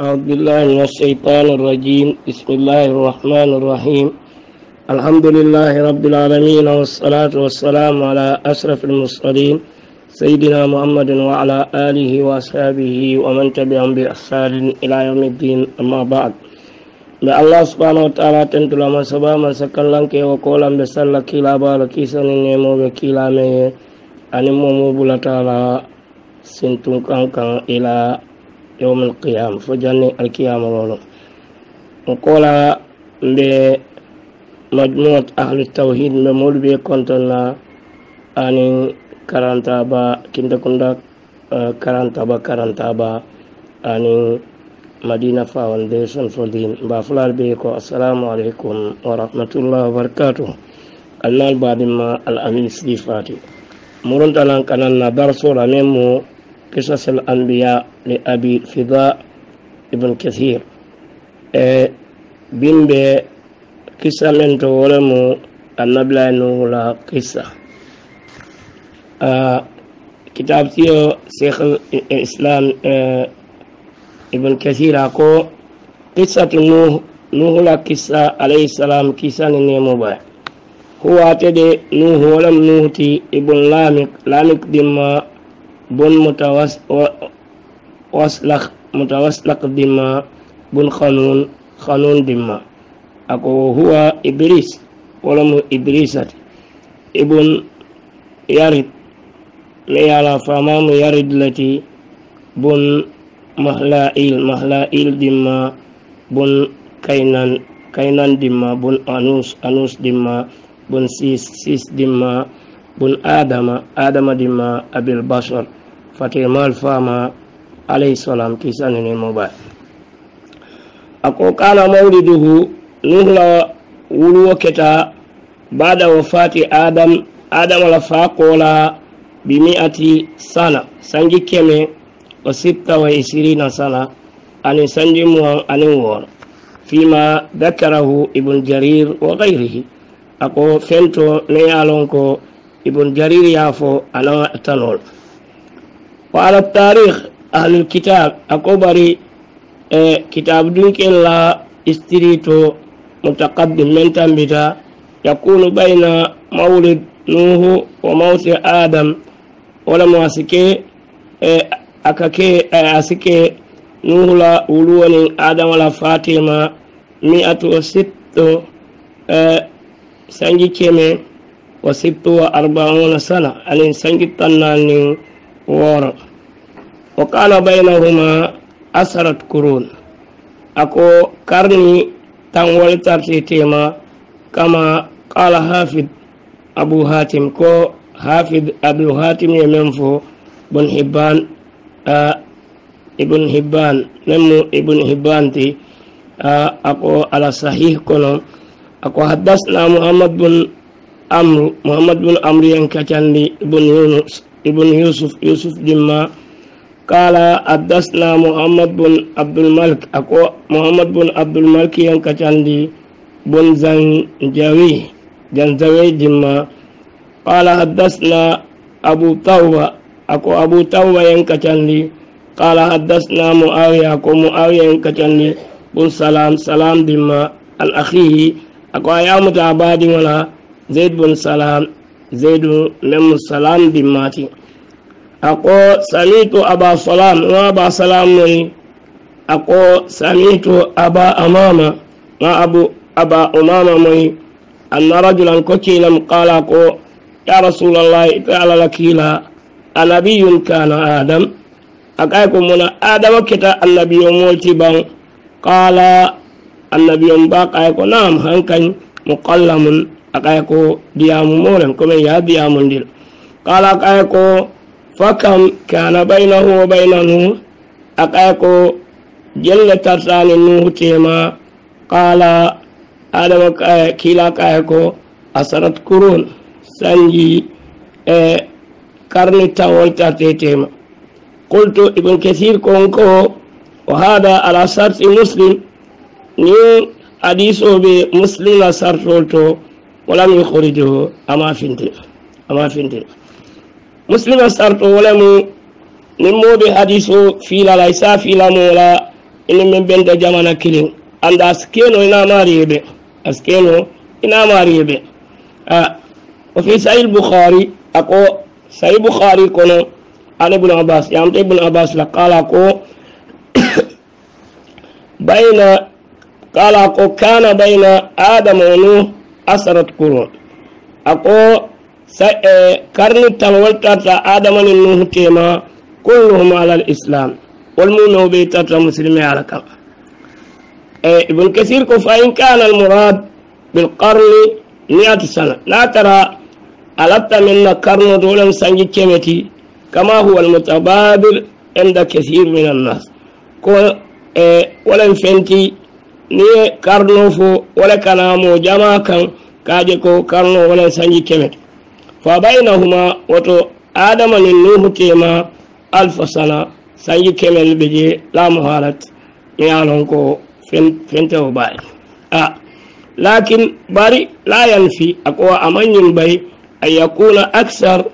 أعوذ بالله من الشيطان الرجيم بسم الله الرحمن الرحيم الحمد لله رب العالمين والصلاة والسلام على أشرف المرسلين سيدنا محمد وعلى آله وأصحابه ومن تبعهم بإحسان إلى يوم الدين أما بعد da allah subhanahu wa ta'ala tentula masa masa kallon ke wa kolan da salla kila ba la kisanin ne mo be kila me ani mo mo bulata la ila يوم القيامة فجاني القيامة ولو نقول بمجموعة أهل التوحيد ممول بي كنتنا أني karantaba kinda kunda uh, karantaba karantaba ani madina foundation for din ba fular be ko assalamu alaikum wa rahmatullahi wa barakatuh annal badin ma al amin sifati murun talan kanan na darso la memu قصص الأنبياء لأبي فضاء ابن كثير إيه، بمبي قصة من تولم النبلا نولا قصة آه، كتاب تيو شيخ الإسلام آه، ابن كثير أكو قصة نوح نوح لا قصة عليه السلام قصة نيمو هو أتدي نوح ولم نوح تي ابن لامك لامك دمّا بن متوسلق متوسلق دما بن خانون خانون دما أكو هو إبريس ولم إبريسات ابن يرد ليالا فمام يرد التي بن مهلائيل مهلائيل دما بن كينان كينان دما بن أنوس أنوس دما بن سيس سيس دما بن آدم آدم دما أبي البشر fatimal fama alayhi salam kisanini moba ako kana mauliduhu nuhla wuluwo keta bada wafati adam adam la fa kola bimiati sana sanji keme wa sitta wa isirina sana ani sanji muwan anin woro fima dakarahu ibn jarir wa gayrihi ako fento ne yalon ko ibn jarir ya fo ana tanol وعلى التاريخ أهل الكتاب أكبري كتاب دونك إلا استريتو متقدم من تنبتا يكون بين مولد نوح وموت آدم ولا مواسكي akake asike la wuluwonin adam wala fatima mi'atu sitto sanji keme wa sittu wa arbauna sana anin sanji tannanin woro o kala huma asarat kurun ako karni tan wali tema kama kala hafid abu hatim ko hafid abu hatim ya memfo bon hibban a ibn hibban nemu ibn hibban ti ako ala sahih kono ako na muhammad bun amru muhammad bun Amri yang kacandi bin yunus ابن يوسف يوسف جما قال حدثنا محمد بن عبد الملك أكو محمد بن عبد الملك ينكتندي بن زنجوي جنزوي جما قال حدثنا أبو توبة أكو أبو توبة ينكتندي قال حدثنا معاوية أكو معاوية ينكتندي بن سلام سلام دما الأخيه أكو أيام تعبادي ولا زيد بن سلام زيد لم السلام دماتي أقو سميت أبا سلام وأبا سلام مني أقو سميت أبا أمامة ما أبو أبا أمامة مني أن رجلا كتيلا قال أقو يا رسول الله تعالى لكيلا النبي كان آدم أكاكم من آدم كتا النبي مولتي بان قال النبي باقا يقول نعم هنكن مقلم akaye ko diyamu molen komin ya diyamun dil kala akaye ko fakam kana baynahu wa baynanu akaye ko jelle tartani nuhu tema kala adama kaye kila kaye ko asarat kurun sanji e karni tawol tarte tema kultu ibn kathir konko o haada ala sarti muslim ni adisoɓe muslima sartol to ولم يخرجه أما فنتف أما فنتف مسلم أسأرت ولم نمو بحديث في لا ليس في لا مولا إن من بنت جمانا كلين عند أسكينو إنا ماريبي أسكينو إنا ماريبي آه. وفي سعي البخاري أقو سعي البخاري كنو عن ابن عباس يا يعني ابن عباس لقال أقو بين قال أقو كان بين آدم ونوح asarat kurun ako karni tanwoltata آدم nuhu تيما كلهم على الإسلام والمؤمن بيتا المسلمين على كما إيه، ابن كثير كف إن كان المراد بالقرن مئة سنة لا ترى ألت من قرن دولا سنجي كمتي كما هو المتبادل عند كثير من الناس كو إيه، ولن فنتي ni ye karno fo wole kanamo jama kan kaje ko karno wole sanji kemete fa baynahuma woto adama ni nuhu tema alfa sana sanji kemele ɓe je lamu halat mi yanon ko fentewo bari a lakin bari la yanfi akowa amanñin bay an yakuna aksar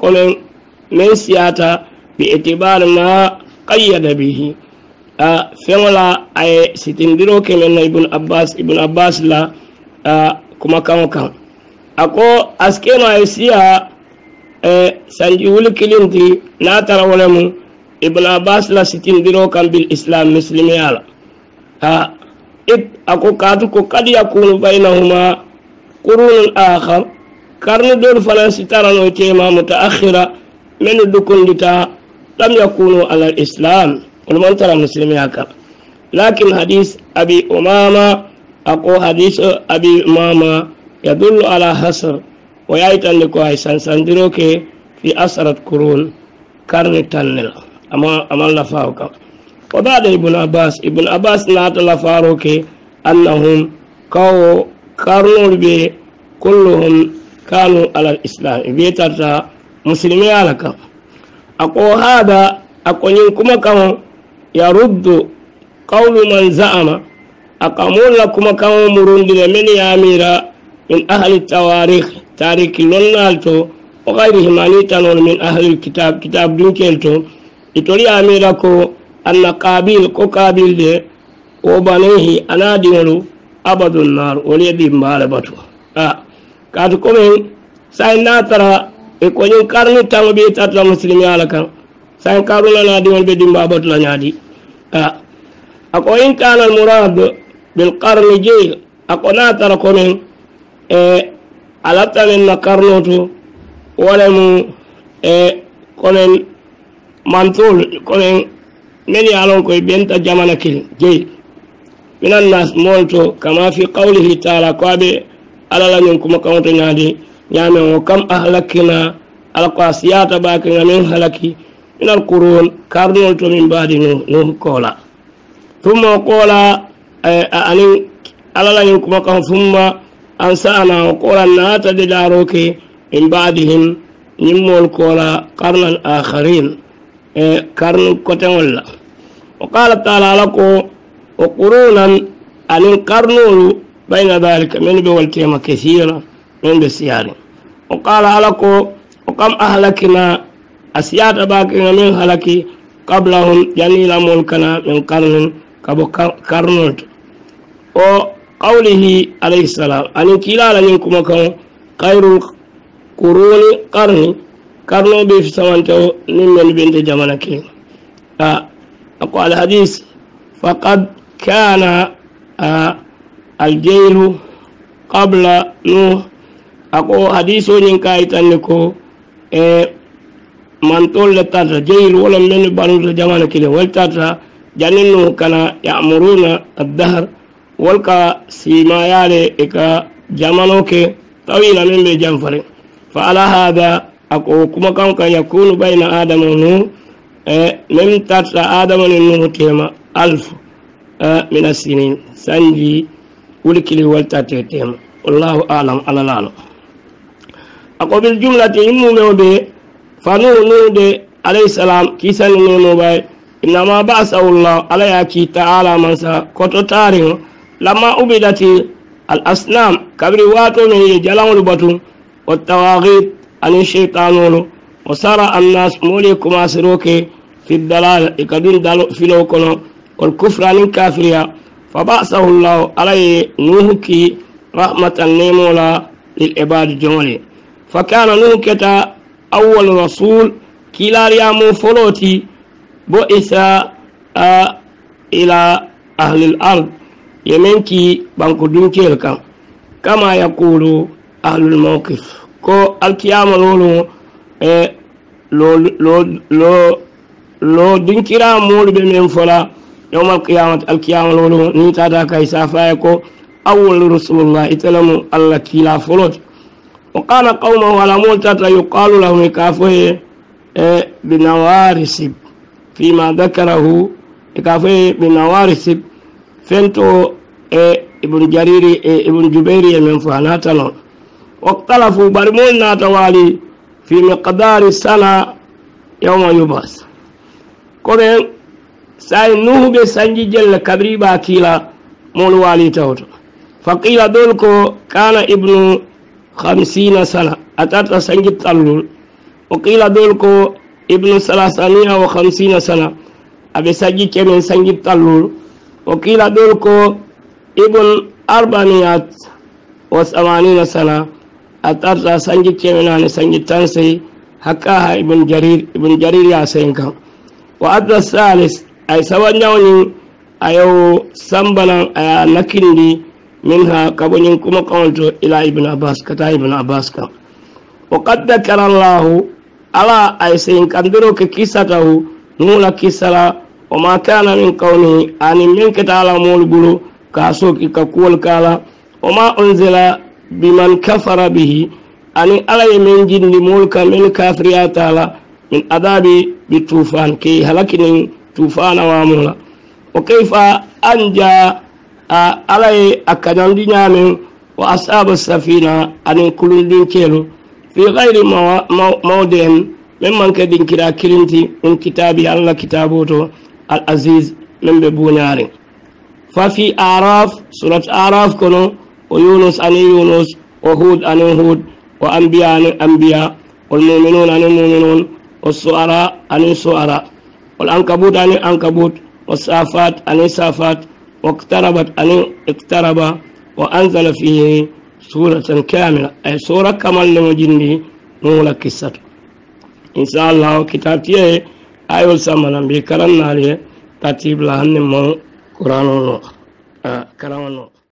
komen min siyata bi itibar ma qayyada bihi feŋo la a ye sitindiro kɛ na ibn abbas ibn abbas la kumakaŋo kan a ko aske a ye siya e, sanji wuli kiliŋ ti niŋ tara mu abbas la sitindiro kan bil islam misilimeya la it a ko kaatu ko bayna huma bainahuma qurunun akhar karnu doolu fanaŋ sitarano teema mutaakhira mennu dukundita lam yakunu ala Islam. ولمن ترى مسلمين لكن حديث أبي أمامة أقو حديث أبي أمامة يدل على حصر ويأتي لكو هيسان سندروك في أسرة قرون قرن تنل أما أما لفاوك وبعد ابن عباس ابن عباس نات لفاروك أنهم كو قرن بي كلهم كانوا على الإسلام بيترتا مسلمين على كم أقو هذا أقو ينكم كم yaruddu qawlu man za'ama akamulla kuma kamo murundine men yamira min ahli tawarikh tariki lonnal to o gayrihim anitanon min ahli kitab kitab dunkel to itori yamira ko anna qabil ko qabil de wo banehi ana diŋolu abadun nar wolu ye dimbaale batu a kaatu komin sayi na tara i koñin karni taŋo bi tatla musilimiya la kaŋ sain karulanadi on ɓe dim babatulanadi a ako in kana al mourad bil karni jeyi ako natara konen e alattanen na karno to walemu e konen mantol konen meni alon koye benta jamana kel jeyi minan nas molto kama fi qawlihi taala ko aɓe alalamin kuma kamoto ñaadi ñaamen o kam ahlakkina ala ko a siyata bakenga min halaki من القرون كاردون تو من بعد نوح كولا ثم قولا آه، آه، أني على لا يكما ثم أنسانا وقولا لا تدلاروك من بعدهم نمول كولا آه، قرن الآخرين قرن كتن ولا وقال تعالى لكم وقرونا أن القرنول بين ذلك من بولتهم كثيرا من بسيار وقال لكم وكم أهلكنا asiyata bakega min halaki qablahum jalilamol kana min karnin kabo karnol to o qawlihi alayhi salam anin kilala nin kuma kan khayrul kuruni karni karno be fisawante o nin men bente jamana ke a ako alhadis faqad kana aljeilu qabla nuh ako hadisoñin kayitanni ko e man tolle tata jeyil wolon men banuta jamana kile wol tata janinnu kana yamuruna addahar wolka simayale e ka jamano ke tawina men ɓe janfare fa ala hada ako kuma kan kan yakunu bayna adama nu e men tata adama ni nuhu tema alf min asinin sanji wulikili woltate tema wallahu alam alalalo ako bil jumlati immumewo ɓe فانو نو دي عليه السلام كيسا نو نو باي إنما باس الله عليا كي تعالى منسا كتو تاريخ لما أبدت الأسنام كبري واتو مني جلان لبطو والتواغيط عن الشيطان وصار الناس مولي كماسروكي في الدلال إكادين دلو في لوكونا والكفر عن الكافرية فبعثه الله عليه نوهك رحمة النمولا للعباد جوني فكان نوكتا awwal rasul kilal yamo foloti bo isa a ila ahlil ard yemenki banko dunkel kan kama yaqulu ahlul mawqif ko alkiyama lolo e lo lo lo lo dinkira molu be men fola yawm alqiyamah alqiyamah lolo ni tada kai safa ko awwal rasulullah italamu allah kila foloti وقال قومه على موتة يقال له كافه إيه، بنوارسب فيما ذكره كافه بنوارسب فانتو إيه، ابن جرير إيه، ابن جبير من فهناتنا واختلفوا برمونا توالي في مقدار السنة يوم يبعث كذا سأل نوح بسنجي جل كبري باكيلا مول والي توتو فقيل دولكو كان ابن خمسين سنة أتات سنجد تلول وقيل دولكو ابن ثلاثمائة وخمسين سنة أبي سجي كمن سنجد تلول وقيل دولكو ابن أربعمائة وثمانين سنة أتات سنجد كمن سنجد تنسي حكاها ابن جرير ابن جرير يا سينكا وأدى الثالث أي سوى نيوني أيو سنبلا نكندي min ha kaɓoñin kuma kawonto ila ibne abbas kata ibne abbas kam o qad dakara llahu ala aysayin kandiro ke kissatahu nula kissala oma kana min kawnihi anin min keta ala mool ɓuro ka soki ka kuwol kala oma onzela biman kafara bihi ani ala ye min jindi mool kam min kafriyatala min adabi ɓi tufan key halakinin tufanawamula o kayfa anja ala ye a kaɲandi wa ashabu safina aniŋ kulundinkeelu fi gayri mawdin meŋ maŋ ke dinkira kirinti min kitaabi alla kitaaboo al aziz meŋ be buuñaariŋ fa fi araf surat araf kono o yunus aniŋ yunus wo hud aniŋ hud wo ambiya aniŋ ambiya والمؤمنون عن المؤمنون والسؤراء عن السؤراء ankabut عن العنكبوت والسافات عن السافات واقتربت أن اقترب وأنزل فيه سورة كاملة أي سورة كمان لمجندي نولا كسر إن شاء الله كتابتي أيول سامنا بكرنا عليه ترتيب لهن من قرآن آه كرام النور